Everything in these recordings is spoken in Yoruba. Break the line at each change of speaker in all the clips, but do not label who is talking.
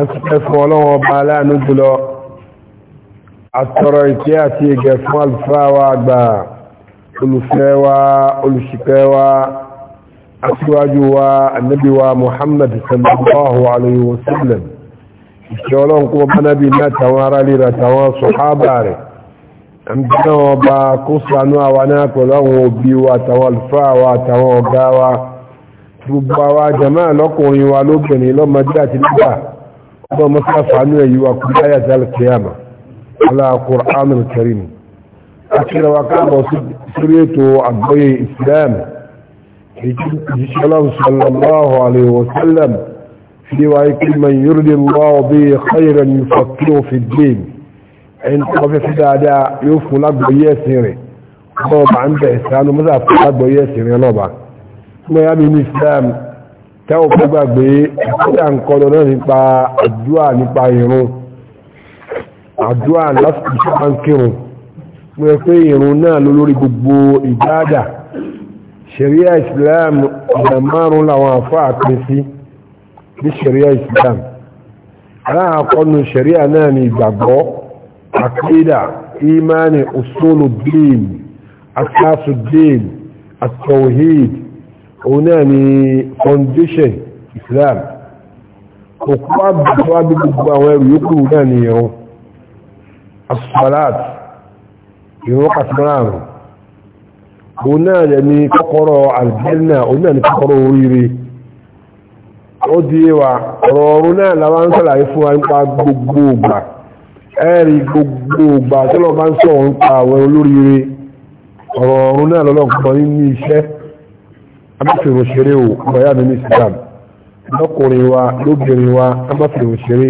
àtúkẹ́fọ́ ọlọ́wọ́ ọba aláàánú jùlọ àtọ̀rọ̀ ìkẹ́ àti ìgẹ̀ fún àlùfáà wa àgbà olùfẹ́ wa olùṣìpẹ̀ wa aṣíwájú wa annabi wa muhammad sallallahu alayhi wa sallam ìṣẹ́ ọlọ́run kó bá nábi náà tàwọn ará lera tàwọn àwọn òbí wa wa lóbìnrin lọ́mọdé àti nígbà ọmọ mọ́sáfà àánú ẹ̀yí wa kú láyà tí alìkìyàmà aláàkùránù kẹrin akẹ́rẹ́ wa káàbọ̀ sórí ètò àgbọ́yé islam ìjíṣẹ́lá sallallahu alaihi wasallam fi wa ikú man yurdi lọ́wọ́ bí khairan yufaqihu fi din ẹni tó wọ́n fẹ́ fi dáadáa yóò fún lágbọ́yé ẹ̀sìn rẹ̀ ọmọ bá ń bẹ̀ sánú mọ́sáfà lágbọ́yé ẹ̀sìn rẹ̀ lọ́ba tẹ́wọ̀ kó gbàgbé ìpínlẹ̀ àǹkọ́lọ náà nípa àdúà nípa ìrun àdúà lásìkò ìṣẹ́pá ń kírun wọ́n yẹ pé ìrun náà ló lórí gbogbo ìdáàdà ṣẹ̀ríà islam ọ̀nà márùn làwọn àfọ́ àpín sí ní ṣẹ̀ríà islam aláàkọ́nu ṣẹ̀ríà náà ni ìgbàgbọ́ àkídà ìmánì usuluddin asásuddin òun náà ni foundation islam òkú àbùkù gbogbo àwọn ẹrù yókù náà ni ìrún asfalat ìrún kàtàrààrùn òun náà yẹ ni kọ́kọ́rọ́ aljanna òun náà ni kọ́kọ́rọ́ oríire ó di wa ọ̀rọ̀ ọ̀run náà làwọn ń sọ̀rọ̀ àyífún wa nípa gbogbo ògbà ẹ̀rí gbogbo ògbà tí lọ́ọ́ bá ń sọ̀rọ̀ nípa àwọn olóríire ọ̀rọ̀ náà lọ́lọ́kùnrin abáfẹ́ òṣèré o ọ̀yá mi ní Islam lọ́kùnrin wa lóbìnrin wa abáfẹ́ òṣèré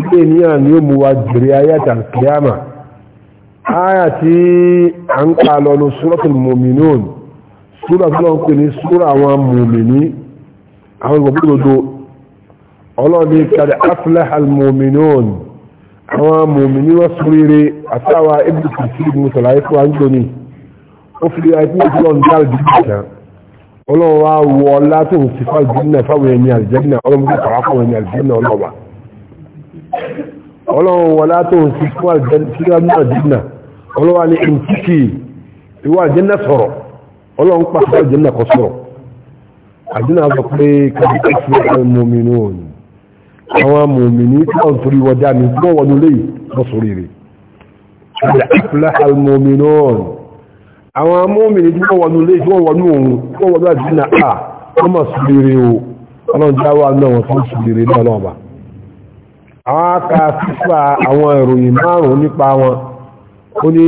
ilé ènìyàn ni ó mú wa jèrè ayájà kìámà áyà tí a ń pa lọ ní suratul mu'minun súrà tó lọ́n pè ní súrà àwọn mòmìnì àwọn ìgbòbúdodo ọlọ́ọ̀ni kàdé aflaha al-mu'minun àwọn mòmìnì wọ́n súrire àtàwà ibùsùn sí ìgbìmọ̀sọ̀lá ikú àńjọ́ ni ó fi ayé tí ó lọ́n dáàbì kìíyàn ọlọ́run wá wọ ọlá tó ń ti fàlùjẹ́nà fáwọn ẹni àlùjẹ́nà ọlọ́run tó kàwá fáwọn ẹni àlùjẹ́nà ọlọ́ba ọlọ́run wọ ọlá tó ń ti fàlùjẹ́nà àlùjẹ́nà ọlọ́wà ní ìkíkì ìwà àlùjẹ́nà sọ̀rọ̀ ọlọ́run pàṣẹ àlùjẹ́nà kọ sọ̀rọ̀ àdínà sọ pé kàdíkàsí àwọn mòmìnì àwọn amóhùnmìnì tí wọ́n wọnú ilé tí wọ́n wọnú òun tí wọ́n wọnú àdínà à wọ́n mọ̀ sí rere o ọlọ́run jáwọ́ náà wọ́n tún sí rere náà lọ́ọ̀bà àwọn aka fífà àwọn ìròyìn márùn nípa wọn ó ní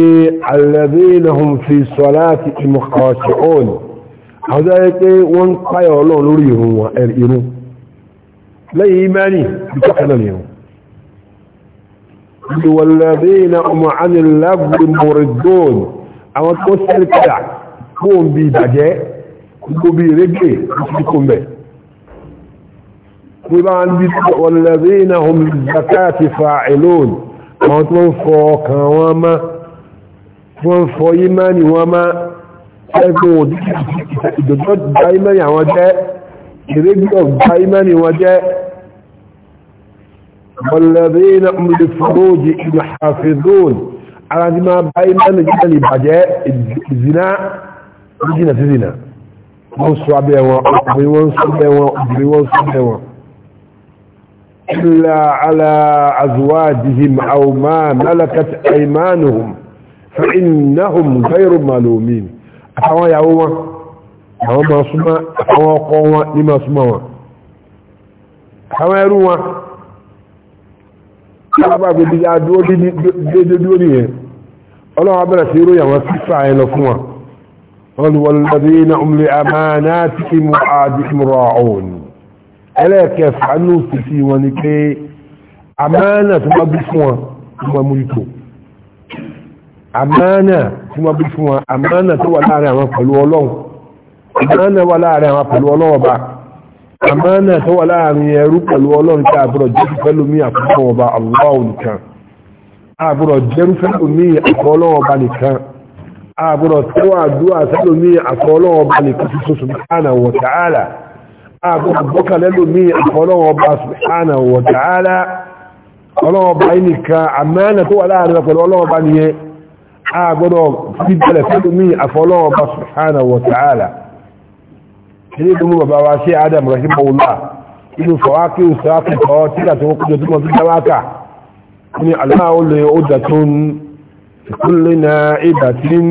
alladhina hum fi salatihim khashi'un àwọn tó àwọn tó sẹ́lì padà kó ń bí ìbàjẹ́ kó bí régbè kó mẹ́ kó bá ń bí wallazina hum zakati fa'ilun àwọn tó ń fọ ọkàn wọn má tó fọ ìmáni wọn má ẹgbẹ́ òdòdó ara ti máa bá imáni jíjẹ́ ní ìbàjẹ́ ìzìnà jíjìnà sí zìnà wọ́n sọ abẹ́ wọn ọkùnrin wọ́n sọ abẹ́ wọn obìnrin wọ́n sọ abẹ́ wọn illa ala azwajihim aw ma malakat aymanuhum fa innahum ghayru àtàwọn ìyàwó wọn àwọn máa súnmọ́ àtàwọn ọkọ wọn ní máa súnmọ́ wọn àtàwọn ẹrú wọn sábà gbèdé ya dúró dédé dúró nìyẹn ọlọ́run abẹ́rẹ́ sí ròyìn àwọn sísá yẹn lọ fún wa wọ́n wọ́n lọ́dí iná omlé àmàna tí kí mú àdí ìmúra ọ̀hún ẹlẹ́ẹ̀kẹfà ní òsìsí wọn ni pé àmàna tó bá bí fún wọn tó máa mú ipò àmàna tó bá bí fún wọn àmàna tó wà láàrin àwọn pẹ̀lú ọlọ́run àmánà tó wà láàrin ẹrú pẹ̀lú ọlọ́run tí àbúrò jẹ́rú pẹ̀lú mí àkọ́kọ́ ọba Allah nìkan àbúrò jẹ́rú pẹ̀lú mí àkọ́ọ̀lọ́ ọba nìkan àbúrò tẹ́wà àdúrà pẹ̀lú mí àkọ́ọ̀lọ́ ọba nìkan tó subhanahu wa ta'ala àbúrò bọ́kà lẹ́lú mí àkọ́ọ̀lọ́ ọba subhanahu wa ta'ala ọlọ́run ọba nìkan ilé tó mú bàbá wa ṣe adam rahimahullah inú fọwákí ìsáàkì kọ́ tí àti wọ́n kújọ tó mọ̀ sí dáwákà ní aláwọ̀ lè ó jà tó ń kúlé na ìgbà tí ń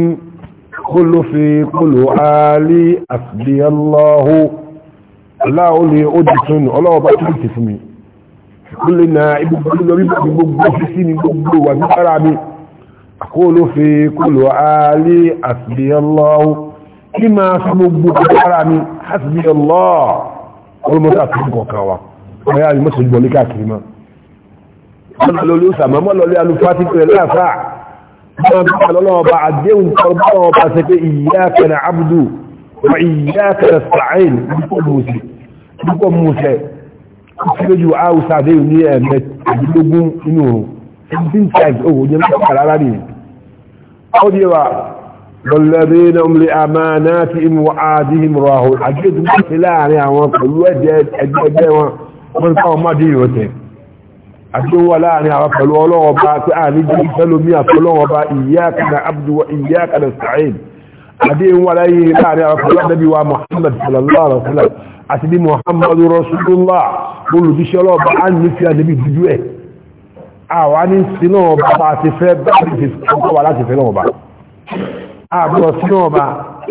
kúlò fi kúlò alí àti aláwọ̀ aláwọ̀ lè kí máa sọ gbogbo ara mi hasbi allah olùmọ́sí àtúnkọ̀ kan wa ọ̀yá ni mọ́sí ìgbọ̀lé káàkiri mọ́ ọ̀nà lórí òsàmọ́ mọ́ lórí alufáàtì pẹ̀lú láàfà máa bí ọlọ́ọ̀bá àdéhùn ọlọ́ọ̀bá ṣe pé iyyaka na'budu wa iyyaka nasta'in dúpọ̀ mùsẹ̀ dúpọ̀ mùsẹ̀ tí lójú àwùsà àdéhùn ní ẹ̀mẹ́tàdínlógún nínú والذين هم لأماناتهم وعادهم راهون أجد مثلا يعني كل أجد أجد من قوم ما ديوته أجد ولا يعني كل ولا وبا سأني جل مية كل وبا إياك نعبد وإياك نستعين أجد ولا يعني كل النبي ومحمد صلى الله عليه وسلم أتبي محمد رسول الله قل بشلو بأن نفيا نبي بجوه أواني سنو بابا تفيد بابا تفيد بابا تفيد بابا àbúrò sínú ọba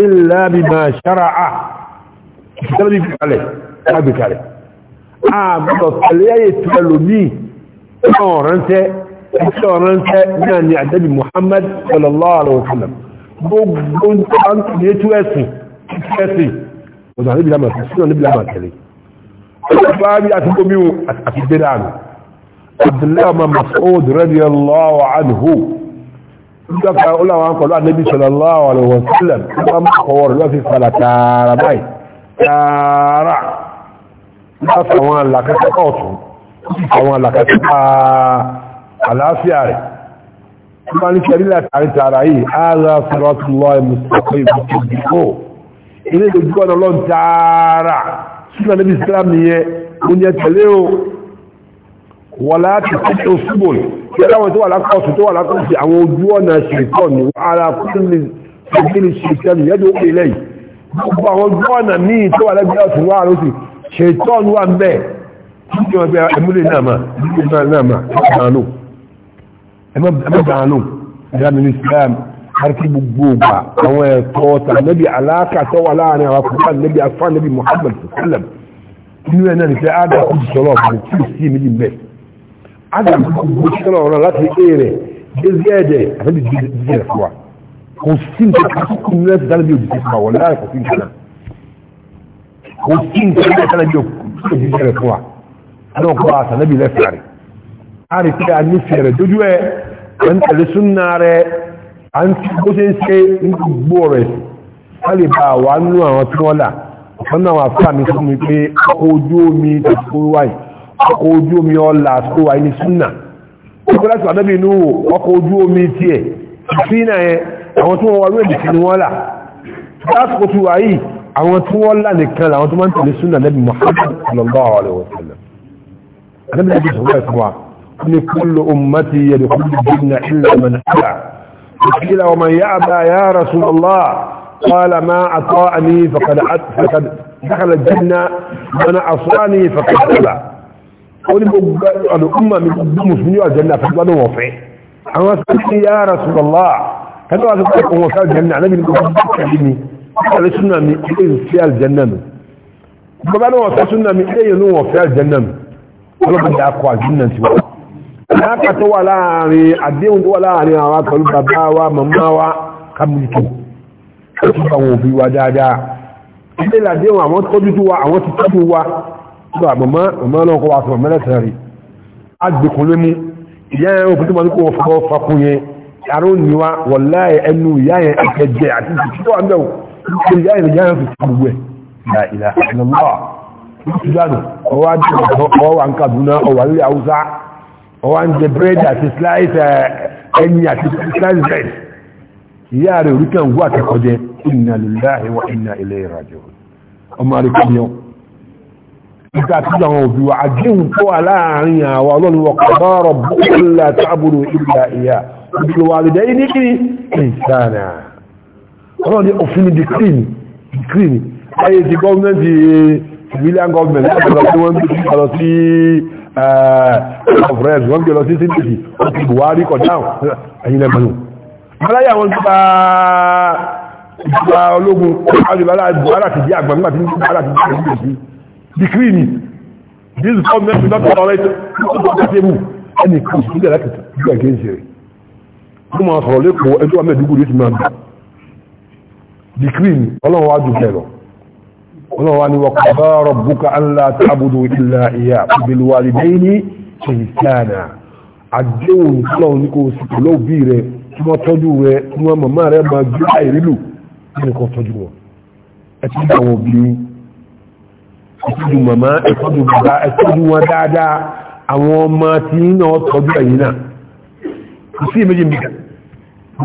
illa bima shara'a ìtẹ́lẹ́bí kalẹ̀ lágbè kalẹ̀ àbúrò tẹ̀lẹ́yẹ tẹ̀lẹ́lómi ọ̀rántẹ́ ẹ̀sẹ̀ ọ̀rántẹ́ náà ni àdẹ́bì Muhammad sallallahu alaihi wasallam gbogbo ń tọ́ ń tọ́ ní ètò ẹ̀sìn ẹ̀sìn ọ̀dọ̀ àníbìlá nígbàfà ọlọ́wọ́n pẹ̀lú ànábì sallallahu alaihi wasallam nígbà máa kọwọ́ rẹ̀ lọ́fi fàlà tààrà báyìí tààrà nígbàfà àwọn àlàkàtà ọ̀tún àwọn àlàkàtà àlàáfíà rẹ̀ tí wọ́n ní kẹrí látàrí tààrà yìí ààrẹ sọ́rọ́tùlọ́ ìmùsùlùmí ìbùkù ilé ìdójú ọ̀nà lọ́n tààrà sílẹ̀ níbi islam nìyẹn oúnjẹ tẹ̀lé o wọ̀lá ti tẹ̀lé yẹ́láwọn tó wà lákọ̀ọ́sù tó wà lákọ̀ọ́sù àwọn ojú ọ̀nà ṣètọ́ ní ara kúrìlì ṣètọ́ ní yẹ́dù òkè lẹ́yìn gbogbo àwọn ojú ọ̀nà míì tó wà lẹ́gbẹ̀ẹ́ ọ̀sùn wà lóṣù ṣètọ́ ní wà ń bẹ̀ tí wọ́n bẹ ẹmúlẹ̀ náà mà náà mà dànù ẹmọ́ dànù ìdáni ní Islam àti gbogbo ògbà àwọn ẹ̀tọ́ ta adam ìṣẹ́lẹ̀ ọ̀rọ̀ láti èrè gẹ́gẹ́ẹ̀dẹ̀ àti jíjẹ́ fún wa kò sí nǹkan àkókò nílẹ̀ ti dáná bí òjijì fún wa wọ̀ láì kò sí nǹkan náà kò sí nǹkan nílẹ̀ dáná bí òjijì fún wa adáwọ̀ kọ́ àṣà níbi ilẹ̀ fìlà rẹ̀ a rè pé a ní fẹ̀rẹ̀ dójú ẹ̀ à ń tẹ̀lé súnà rẹ̀ à ń tí bó ṣe ń ṣe ń gbó rẹ̀ a lè bá wa nú àwọn tí wọ́n là ọ̀kan náà wà fún mi ọkọ̀ ojú omi ọlá àsìkò wa ní súnà ọkọ̀ láti wà nábì inú ọkọ̀ ojú omi tiẹ̀ sínà yẹn àwọn tí wọ́n wá wíwẹ̀ nìkan ni wọ́n là lásìkò tí tie ìnà yìí tó won tí wọ́n là nìkan làwọn awon tó máa ń tẹ̀lé súnà nábì Muhammad sallallahu alaihi wa sallam anábì nábì sọ̀rọ̀ ẹ̀fọ́ wa ní kullu ummati yadkhulu al-janna illa man aba qila wa man ya'ba ya rasulullah قال ما أطاعني فقد فقد دخل الجنة من أصاني فقد أبى wani gbogbo al'umma mi gbogbo musulmi a janna ta gbanu wafe an wasu kasi ya rasulallah ta ga wasu kakon wasu aljanna na bin gbogbo kakali ne kakali suna mi ɗaya yin fi aljanna mi gbogbo wasu suna mi ɗaya yin wafe aljanna mi wani da akwa aljanna ti wata na ka ta wa láàrin àdéhùn tó wà láàrin àwa wọn òbí wa dáadáa ilé ìlàdéhùn àwọn tọ́jú tó wa àwọn ti tọ́jú wa gbọ́ àgbọ̀mọ́ ọmọlọ́wọ́ kọ́ wá sọ mẹ́lẹ́sẹ̀ rí agbèkùn lé mú ìyá yẹn ó fún tó fọ́ fakun yẹn àrò níwá wọ̀láyẹ̀ ẹnu ìyá yẹn ẹ̀jẹ̀ àti ìtìtọ́ àmẹ́wò ìyá yẹn ìyá yẹn fi gbogbo ẹ̀ ìlà ìlà ìlọ́lọ́wà ìtìdánù ọwọ́ àdìgbò ẹni àti slice bread ìyá rẹ̀ orí kan wú àtẹ̀kọ́jẹ inna lillahi wa inna ilayhi raji'un ọmọ àríkọ́ ìgbà tí àwọn òbí wa àdéhùn tó wà láàrin àwọn ọlọ́run wọ kọ̀ọ̀rọ̀ bọ́ọ̀lá tábùrù ìgbà ìyá ìgbà wà lẹ́dẹ̀ ní kí ìsáàrà ọlọ́run ní òfin dìkírìn ayé ti gọ́ọ̀mẹ́ntì civilian government látọ̀rọ̀ tí wọ́n bí ọ̀rọ̀ sí of rest wọ́n gbé lọ sí síndìkì ó ti buhari kọ̀ dáhùn ẹ̀yìn lẹ́gbẹ̀rún aláyà wọn gba ìgbà ológun àjùbálà buhari àti ìdí àgbà nígbà tí buhari àti ìdí àgbà dìkírì ni jésù kọ́ mẹ́rin lọ́tọ̀ ọ̀rẹ́ ìtọ́jú ẹni kò sí ilẹ̀ láti gbígbà gẹ́ǹsì rẹ̀ ó máa sọ̀rọ̀ lẹ́kọ̀ọ́ ẹjọ́ amẹ́dúgbò ló ti máa dùn dìkírì ni ọlọ́run wá jù bẹ́ẹ̀ lọ ọlọ́run wá ní wa qada rabbuka alla ta'budu illa iyyahu bil walidayni ihsana àdéhùn ọlọ́run ní kò sì pẹ̀lú òbí rẹ̀ tí wọ́n tọ́jú rẹ̀ tí wọ́n màmá rẹ̀ máa gbé àìrílù nínú kan tọ́jú wọn ẹ ti dá àwọn obìnrin ẹ̀tọ́jú màmá ẹ̀tọ́jú bàbá ẹ̀tọ́jú wọn dáadáa àwọn ọmọ tí náà tọ́jú ẹ̀yìn náà kò sí méjì mìíkà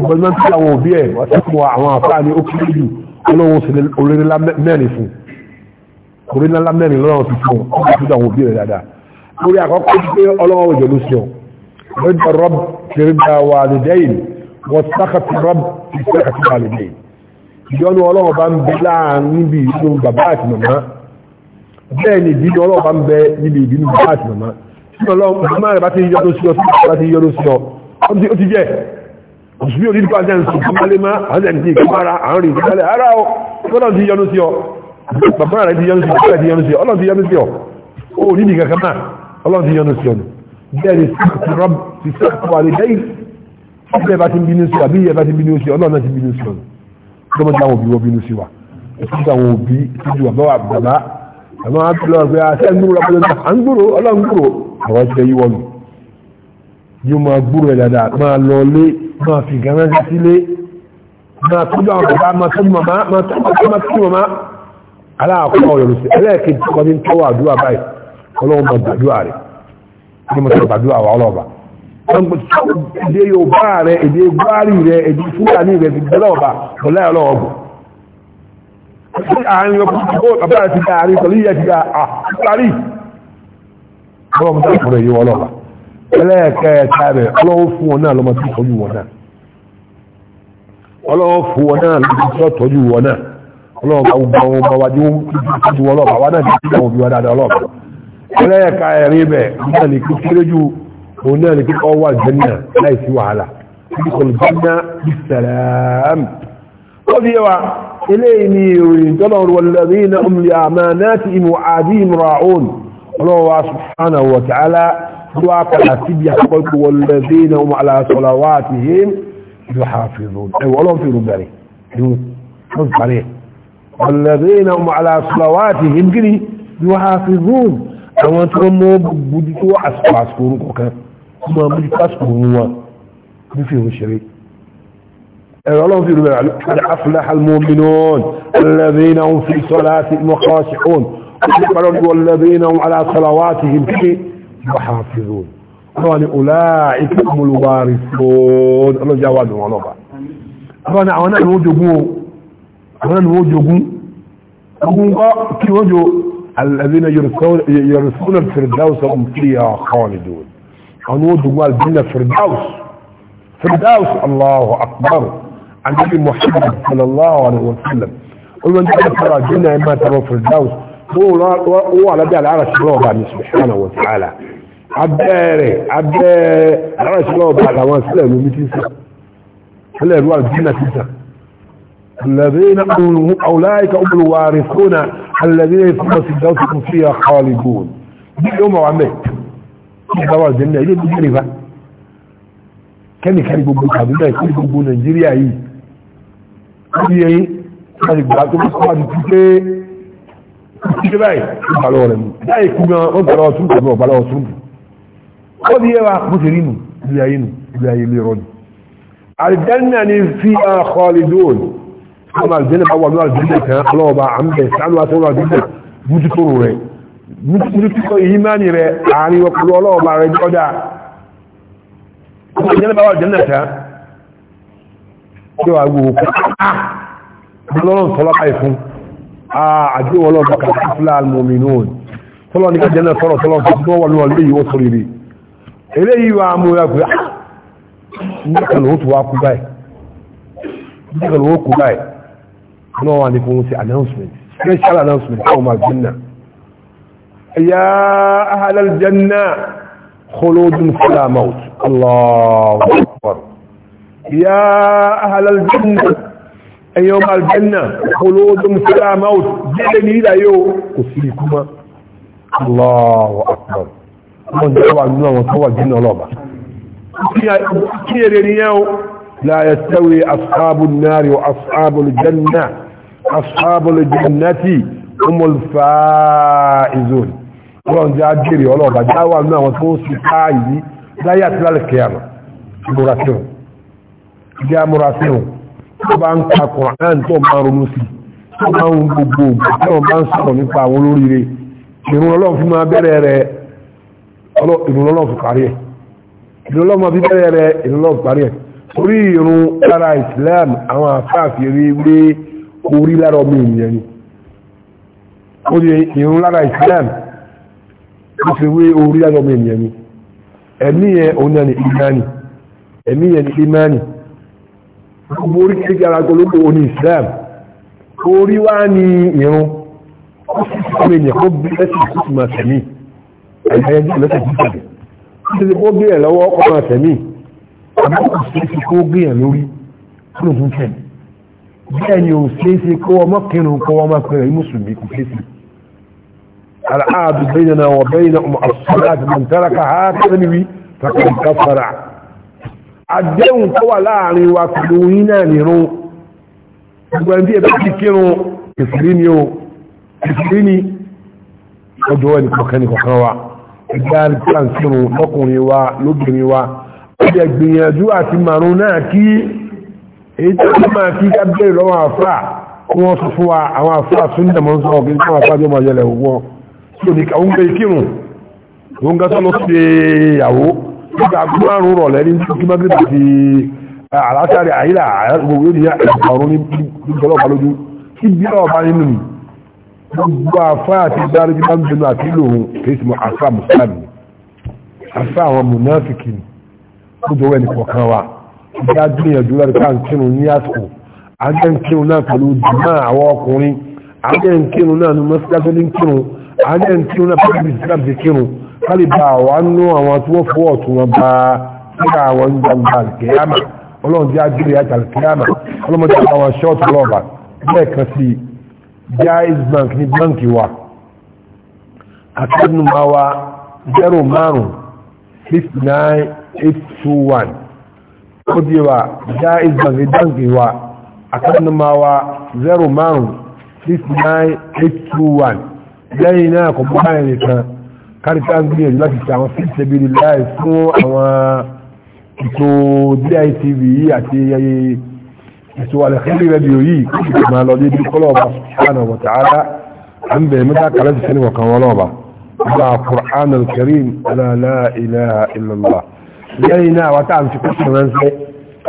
gbọ́nà tí àwọn òbí ẹ̀ ọ̀tẹ́kùn àwọn àfáà ní ó kéré jù ọlọ́run sí orílẹ̀-èdè mẹ́rin fún orílẹ̀-èdè mẹ́rin lọ́rọ̀ sí fún ọmọ tí àwọn òbí rẹ̀ dáadáa lórí àkọ́kọ́ pé ọlọ́run òjò ló sọ rídà rọ́b ti rídà wà lẹ́dẹ́yìn wọ́n sákàtì rọ́b ti sákàtì wà lẹ́dẹ́yìn ìjọ́nu ọlọ́run bá ń bẹ láàrin níbi ìlú bàbá àti màmá bẹ́ẹ̀ ni ìbínú ọlọ́ọ̀bá ń bẹ níbi ìbínú bàbá àti màmá tí màmá rẹ̀ bá ti yọ́ tó sí ọ sí ọ ti yọ́ tó sí ọ ó ti jẹ́ òṣùbí òní nípa jẹ́ ǹsùn kọ́málé má àwọn ẹ̀ǹtì ìkọ́mára àwọn rìn ìkọ́málé ara ọ ọlọ́run ti yọ́nú sí ọ bàbá rẹ̀ ti yọ́nú sí ọ ti yọ́nú sí ọ ọlọ́run ti yọ́nú sí ọ ó ní nìkan kan náà ọlọ́run ti yọ́nú sí ọ bẹ́ẹ̀ ni sí rọ́b ti sí ọkọ̀ àlè dẹ́yìn ọ̀bẹ bá ti bínú sí àmọ́ àtúlọ̀ pé a ń gbúrò ọpọlọ náà ń gbúrò ọlọ́run gbúrò àwọn ti yí wọnù yóò máa gbúrò ẹ̀ dáadáa máa lọ lé máa fi gánà sí sílé máa tọ́jú àwọn bàbá máa tọ́jú màmá máa tọ́jú máa tọ́jú màmá aláàkọ́ ọ̀yọ̀rọ̀ sí ẹlẹ́ẹ̀kejì tó kọjú tó wà dúwà báyìí ọlọ́run máa gbàdúrà rẹ̀ ọlọ́run máa gbàdúrà wà ọlọ́ọ̀bà èdè Yorùbá rẹ̀ èdè Gwari rẹ̀ èdè Fúlàní rẹ̀ ti gbẹ́lọ́ọ̀bà ọlọ́ọ̀bù àárín ọkùnrin bàbá àti àárín pẹ̀lú ìyẹ́ ti dá àárí ọlọ́run mú tàbí fúnra ìyíwọ́ ọlọ́pàá ẹlẹ́ẹ̀kẹ́ẹ̀ta rẹ̀ ọlọ́run fún wọn náà lọ́mọ tí tọ́jú wọn náà ọlọ́run fún wọn náà lọ́mọ tí tọ́jú wọn náà ọlọ́run bí wọn dáadáa إليني يرين تظهر والذين أم لأماناتهم وعاديهم راعون الله سبحانه وتعالى سواك الأسيب يحقق والذين هم على صلواتهم يحافظون أي ولهم في ربالي حفظ عليه والذين هم على صلواتهم كني يحافظون أما ترموا بديتوا أسكوا أسكوا ركوكا أما بديتوا أسكوا هموا كيف يوم الشريك الله في قد أفلح المؤمنون الذين هم في صلاتهم مخاشعون والذين هم على صلواتهم في أولا أولئك هم الوارثون الله جواد ونبع أولا أولا نوجبون أولا نوجبون أولا الذين يرثون الفردوس هم فيها خالدون أولئك نوجبون الجنة فردوس فردوس الله أكبر عن النبي محمد صلى الله عليه وسلم ومن ترى الجنة ما ترى في الدوس هو على دي العرش الله بعد سبحانه وتعالى عباري عباري العرش الله بعد ما سلم ومتنسى هل الوال الجنة تنسى الذين أولئك هم الوارثون الذين يسمى في الدوس فيها خالدون دي يوم وعمل ìgbàwà ìjẹ́ ilé ìjẹ́ ìrìnà kẹ́nìkẹ́nì gbogbo àbúgbà ìkẹ́nì gbogbo Nàìjíríà yìí lórí ẹyìn láti gbà tó kọ́ wá di ti pé títí báyìí ìgbàlọ́ rẹ̀ mú láì kú gan ó gbàlọ́ ọ̀tún tàbí ọ̀gbàlọ́ ọ̀tún ó di ẹwà bó ṣe rí nù ilé ayé nù ilé ayé lè rọ́nù aljanna ni fi khalidun ọmọ aljanna bá wà ní aljanna kan ọlọ́ọ̀bá àmì sánú àti ọlọ́ aljanna mútútúrò rẹ̀ mútútúrò èyí máa ní rẹ̀ àárín ọkùnrin ọlọ́ọ̀bá rẹ̀ ọjà tí wà gbogbo kọ́ lọ́rùn tọ́lọ́pá ìfún àgbéwọlọ́ bàkà fúlà almominon tọ́lọ́ ní kájẹ́ náà sọ́rọ̀ tọ́lọ́ tó wọ́n wọ́n lè yíwọ́ sórí rí eléyìí wà mú ya pé ah, nígbàkan ló tó wá kú báyìí nígbàkan ló kú báyìí wọ́n wà ní fún sí announcement special announcement fún ọmọ aljanna ya ahal aljanna يا أهل الجنة أيوم الجنة خلود فلا موت جلني لا يو كسيكما الله أكبر
من دعوة النوم وصوى
الجنة لوبا كير يو لا يستوي أصحاب النار وأصحاب الجنة أصحاب الجنة هم الفائزون ولن جاء جيري ولوبا دعوة النوم وصوى السكاي لا يتلال الكيامة براتون ìdí amúra fẹ́hùn tó bá ń ka kùrán tó máa ronú sí tó máa ń gbogbo ògbò bá ń sọ̀rọ̀ nípa àwọn olóríire ìrún ọlọ́run fi máa bẹ̀rẹ̀ rẹ̀ ìrún ọlọ́run fi parí ẹ̀ ìrún ọlọ́run máa fi bẹ̀rẹ̀ rẹ̀ ìrún ọlọ́run parí ẹ̀ torí ìrún lára Islam àwọn àfáàfi rí wé orí lára ọmọ ènìyàn ni ó di ìrún lára Islam ó fi wé orí lára ọmọ ènìyàn ni ẹ̀mí yẹn òun náà ni ìmánì ẹ̀mí yẹn ni ìmánì gbogbo orí kìí gara gbogbo oní islam orí wá ní irun ó sì sí ọmọ ènìyàn kó bí ẹsẹ̀ tó ti máa tẹ̀mí ẹ̀yẹ jẹ́ lẹ́sẹ̀ tó tẹ̀lé ó ti kó gbé ẹ̀ lọ́wọ́ ọkọ̀ máa tẹ̀mí àmọ́ kò sí ti kó gbé ẹ̀ lórí kó ló fún tẹ̀mí bẹ́ẹ̀ ni ò ṣe é kó ọmọ kírun kó ọmọ kírun mùsùlùmí kò ṣe é ṣe العهد بيننا وبين أم الصلاة من تركها تنوي فقد كفر àdéhùn tó wà láàrin wa pẹ̀lú yín náà nìrún gbogbo ẹni tí ẹ bá ti kírun kìfìrí ni o kìfìrí ni ọjọ́ ẹni kọ̀ọ̀kan ní kọ̀ọ̀kan wa ẹgbẹ́ àríkà kírun lọ́kùnrin wa lóbìnrin wa ó jẹ gbìyànjú àti màrún náà kí èyí tó kí máa kí ká bẹ́ẹ̀ lọ́wọ́ àfà kí wọ́n sọ fún wa àwọn àfà súnjẹ mọ́ sọ kí wọ́n àfà jọ máa yẹlẹ̀ wọ́n tí ò ní ká ó ń gbé kírun ó ń gá sọ́lọ́ sí ìyàwó nígbà tó márùn rọ̀lẹ́ ní kí mọ́gírì àti àlásàrì àyílà gbogbo yóò ní ọ̀run ní ìjọlọ́pàá lójú kí bí ọba nínú gbogbo afá àti ìdárí bí wọ́n bẹnu àti ìlò òun kìí mọ afá mùsùlùmí afá àwọn mùnáfìkì tó jọ wẹ́ni kọ̀ọ̀kan wa ìdá gbìyànjú láti ká ń kírun ní àsìkò ajẹ́ ń kírun náà pẹ̀lú jùmọ́ àwọn ọkùnrin ajẹ́ náà ní mọ́sílásọ́lé ń kírun ajẹ́ ń náà pẹ̀lú ìsìlámù ti kírun kálíbà àwọn nú àwọn tí wọ́n fọwọ́ tún wọn bá síra àwọn gbangba kìíyàmà ọlọ́run jẹ́ àjẹ́rẹ́ àjàlẹ̀ kìíyàmà ọlọ́run jẹ́ àwọn ṣọ́ọ̀tù lọ́ọ̀bà bẹ́ẹ̀ kan sí jais bank ní báńkì wa akẹ́dùn máa wa zero márùn six nine eight two one ó di wa jais bank ní báńkì wa akẹ́dùn máa wa zero márùn six nine eight two one lẹ́yìn náà kò bá ẹnìkan káríkà ń gbìyànjú láti ṣe àwọn fíìsì ẹbí rí láì fún àwọn ètò DITV àti ètò alẹ́kẹ́lì rẹ́díò yìí kí ìgbà máa lọ dé bí kọ́lọ̀ ọba sùpánà wọ̀tà ara à ń bẹ̀rẹ̀ mẹ́ta kàlẹ́ ti sẹ́ni wọ̀kan wọn lọ́ọ̀bà ọba Qur'an al-Karim la ilaha illallah lẹ́yìn náà wọ́n tàà fi kọ́sùn ránṣẹ́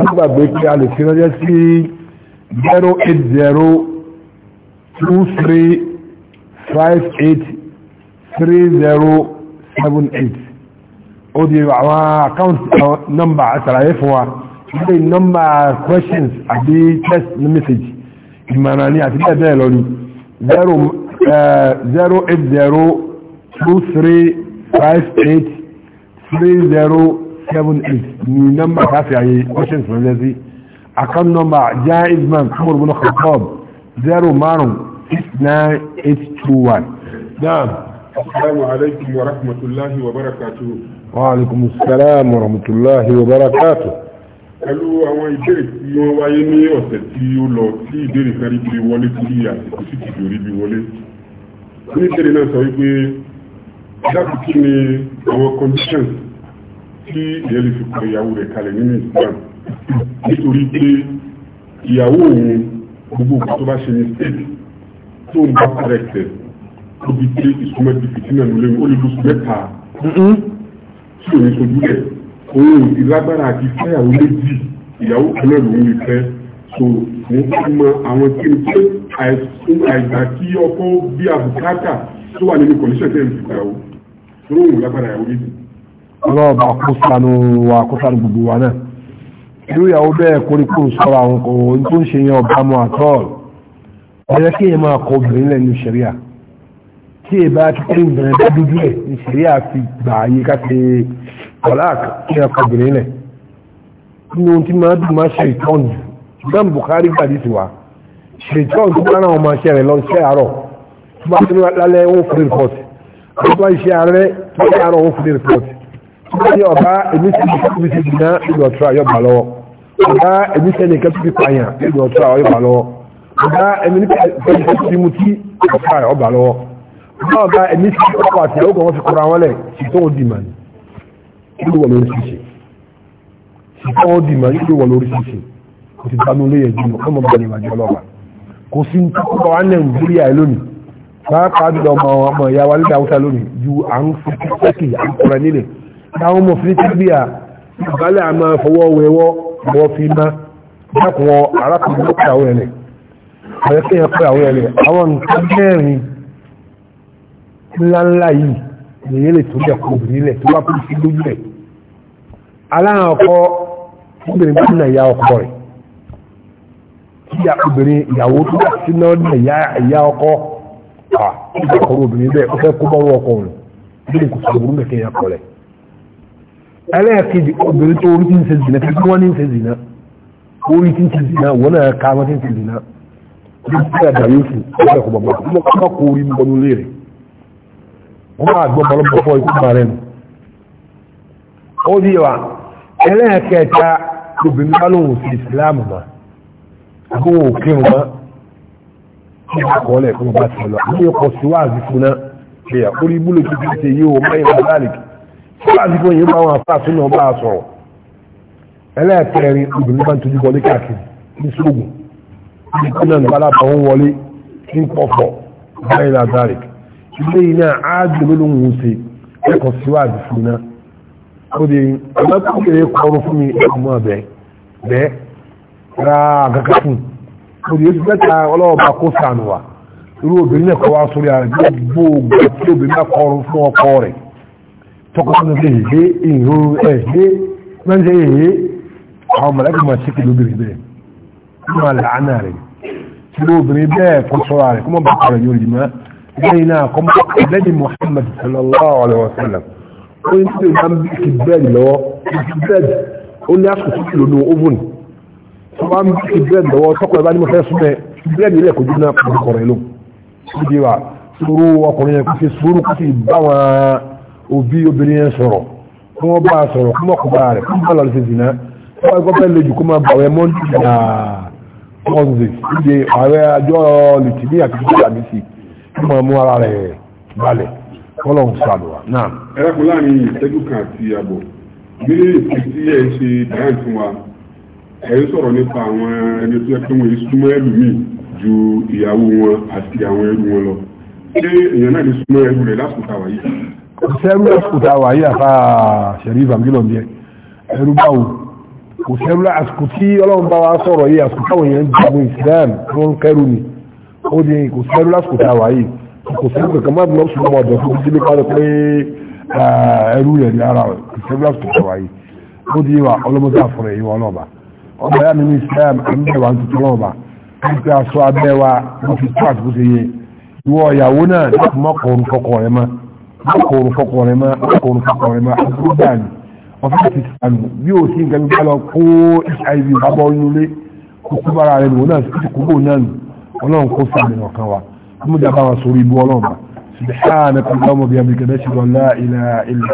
nígbàgbé pé a lè fi ránṣẹ́ sí 080 23 58 3078 ó di àwọn account number àtàlàyé fún wa number questions àbí text message ìmọ̀ràn ní àti bẹ́ẹ̀ bẹ́ẹ̀ lọ ní 08023583078 eh, ni number káfí àyè questions lọ́jẹ́ sí account number Jaiz Bank Umar bin Khattab 0 5 6 9 8 2 1
Damn. السلام عليكم ورحمة الله وبركاته
وعليكم السلام ورحمة الله وبركاته
pẹ̀lú àwọn ìbéèrè tí wọ́n wáyé ní ọ̀sẹ̀ tí ó lọ tí ìbéèrè kan rí bí wọlé tí àsìkò sì kìí rí bí wọlé oníṣẹ́lẹ̀ náà sọ wípé dákù kí ni àwọn conditions tí ìyẹn lè fi kọ ìyàwó rẹ̀ kalẹ̀ nínú Islam nítorí pé ìyàwó òun gbogbo nǹkan tó bá ṣe ní state tó ń bá correct tó fi dé ìsúnmọ́ ti fi sínú ẹ̀mí ó lè lóṣù mẹ́ta mm-hmm. tí ò ní sojú rẹ̀ òun ò sì lágbára àti fẹ́yàwó méjì ìyàwó kan náà lòún lè fẹ́ so mo fẹ́ mọ àwọn tí n pé àìsùn àìgbà kí ọkọ bí àbùkátà tó wà nínú kọ̀lẹ́ṣẹ̀ tẹ̀ ń fìgbà o tó lóun lágbára ìyàwó méjì. ọlọ́ọ̀bà
kó sanu wa kó sanu gbogbo wa náà irú ìyàwó bẹ́ẹ̀ koríko sọ̀rọ̀ àwọn kò tó ń ṣe yẹn ọ̀bámu àtọ́ọ̀lù ọ̀yẹ́ kéèyàn máa kọ obìnrin lẹ́nu ṣẹ̀ríà tí è bá ti pín ìbẹ̀rẹ̀ dájújú ẹ̀ ní ṣeré àti gbà ayé káṣe ọ̀làk tí a kọ bìnrin lẹ̀ nínú tí máa dùn máa ṣe ìtọ́n jù ṣùgbọ́n Bukhari gbàdí sí wa ṣe ìtọ́n tó bá náà máa ṣe rẹ̀ lọ sí àárọ̀ tó bá tẹ́lú lálẹ́ ó fún report tó bá ṣe àárẹ̀ tó bá àárọ̀ ó fún report tó bá ṣe ọ̀bá èmi sì ní kí ti dìná ìlú ọ̀tún àyọ̀ bà lọ́wọ́ ọ̀bá èmi sì ní kí ti pààyàn ìlú ọ̀tún àyọ̀ bà lọ́wọ́ ọ̀bá èmi ní kí ti mutí ọ̀tún àyọ̀ bà lọ́wọ́ náà bá ẹni sí ọkọ̀ àti ìyàwó kan wọ́n fi kọ́ra wọn lẹ̀ ṣìtọ́ wọn dìmà ní ìlú wọn lórí ṣíṣe ṣìtọ́ wọn dìmà ní ìlú wọn lórí ṣíṣe kò sì gbanú lé ẹ̀jú ọkọ̀ mọ̀ bẹ̀rẹ̀ ìwájú ọlọ́wà kò sí ọkọ̀ wa nẹ̀ nàìjíríà ẹ̀ lónìí pàápàá jùlọ ọmọ ọmọ ìyá wa nílẹ̀ haúsá lónìí ju à ń fi kíkẹ́kì à ń kọra nílẹ̀ táwọn ọmọ fi ti bíà ìbálẹ̀ àmọ́ fọwọ́ wẹ̀wọ́ wọ́ fi má dákun arákùnrin ló pè àwọn ẹ̀lẹ̀ ọ̀yẹ́kẹ́yẹ pè àwọn ẹ̀lẹ̀ àwọn nǹkan mẹ́rin ńláńlá yìí nìyẹn lè tó dẹ̀kọ́ obìnrin lẹ̀ tó bá kú sí lójú rẹ̀ aláhàn ọkọ obìnrin tó nà ìyá ọkọ rẹ̀ ìyá obìnrin ìyàwó tó dà sí náà nà ìyá ọkọ à ìdẹ̀kọ́ obìnrin bẹ́ẹ̀ ó fẹ́ kó bọ́ ọkọ rẹ̀ bí kò sọ burú mẹ́kẹ́ yẹn kọlẹ̀ ẹlẹ́ẹ̀kejì obìnrin tó orí tí ń ṣe zìnà tí wọ́n ní ń ṣe zìnà orí tí ń ṣe zìnà wọ́n náà ká wọ́n tí ń ṣe zìnà ó ti ṣe àdáyé fún ọ̀rẹ́ rẹ̀ wọ́n máa gbọ́ bọ́lọ́bọ̀ fọ́ ikú bá rẹ̀ nù ó di wa ẹlẹ́ẹ̀kẹta obìnrin bá lóhùn sí ìsìláàmù mọ́ àbúrò òkèrùn mọ́ kí wọ́n kọ́ lẹ̀ kí wọ́n bá ti lọ àbúrò ọkọ̀ sí wá àzìkún náà lè àkórí búlò tó ti ṣe yíò mẹ́yìn bàbáàlì sí wá àzìkún yìí bá wọn àfà tó náà bá a sọ̀rọ̀ ẹlẹ́ẹ̀kẹrin obìnrin bá ń tojú wọlé káàkiri ní sóògùn ní kí náà nígbà lábàá wọn wọlé ní pọ̀pọ̀ báyìí lábáàlì ilé iná ágbègbè ló ń wù sí ẹkọ̀ síwájú fún iná ó di ọlọ́pàá kọrọ fún mi ọmọ ọbẹ̀ bẹ́ẹ̀ ra àgàkà fún ó di oṣù mẹ́ta ọlọ́ọ̀bà kó sànù wà irú obìnrin náà kọ́ wá sórí ara gbogbo ògbà tí obìnrin náà kọrọ fún ọkọ rẹ̀ tọkọtaya ṣe èyí بين قبل محمد صلى الله عليه وسلم وانت جنب كبال لو كبال قول لي اسكت كيلو نو اوفن طبعا كبال لو تقوى بعد ما فيها كبال لي كو جنا كبال لو ديوا سورو وقرين في سورو في باوا obi obìnrin sọ̀rọ̀ kí wọ́n bá sọ̀rọ̀ kí wọ́n kò bá rẹ̀ kí wọ́n lọ sí ìdìnnà tí wọ́n gbọ́pẹ́ lójú kó máa bàwẹ́ mọ́ndì náà ọ̀nzẹ̀ ìdè ààrẹ àjọ lùtìmí àti ìdíjà mi sí i tó máa mú ara rẹ̀ balẹ̀ kọ́lọ̀hún sàlùwà náà.
ẹ̀rọ̀pọ̀ láàrin ìṣẹ́jú kan àti àbọ̀ nílé ìpín tí ẹ̀ ń ṣe dáhùn fún wa ẹ̀ ń sọ̀rọ̀ nípa àwọn ẹni tó yẹ kí wọ́n súnmọ́ ẹlòmíì ju ìyàwó wọn àti àwọn ẹrú wọn lọ ṣé èèyàn náà lè súnmọ́ ẹrú rẹ̀ lásìkò àwà yìí. sẹ́rú lásìkò àwà yìí àfa ṣẹ̀rí ìbàmílọ̀
ń jẹ ẹrú báwo kò sẹ́rú lásìkò tí ọlọ́run bá wa sọ̀rọ̀ yìí àsìkò táwọn èèyàn ń jagun ìsìlámù tó ń kẹ́rù ni ó di kò sẹ́rú lásìkò tá a wà yìí kò sẹ́rú kankan má bùrọ̀ sùn mọ́ ọ̀dọ̀ fún mi sílé pé ẹrú rẹ̀ ní ara rẹ̀ kò sẹ́rú lásìkò tá a wà yìí ó di wa ọlọ́mọdé àfọ̀rẹ̀ yìí wọn ọlọ́ba ọba yà nínú Islam àmìlẹ̀wà tuntun ọlọ́ba nípa aṣọ abẹ́ wa ló fi tó àtúkò ṣe yẹ ìwọ ìyàwó náà mọ́kòrò fọkọ rẹ̀ mọ́ mọ́kòrò fọkọ rẹ̀ mọ́ mọ́kòrò fọkọ rẹ̀ mọ́ àbúrò dànù ọ̀fẹ́ ti sànù bí ó sì ń gẹ́gẹ́ bá kó HIV bábọ́ nílé kókó bára rẹ̀ lòun náà sì kúrò náà nù ọlọ́run kó sàmì ọ̀kan wa mú dábàá wa sórí ibú ọlọ́run bá subhanaka allahumma bihamdika nashhadu an la ilaha illa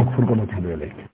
anta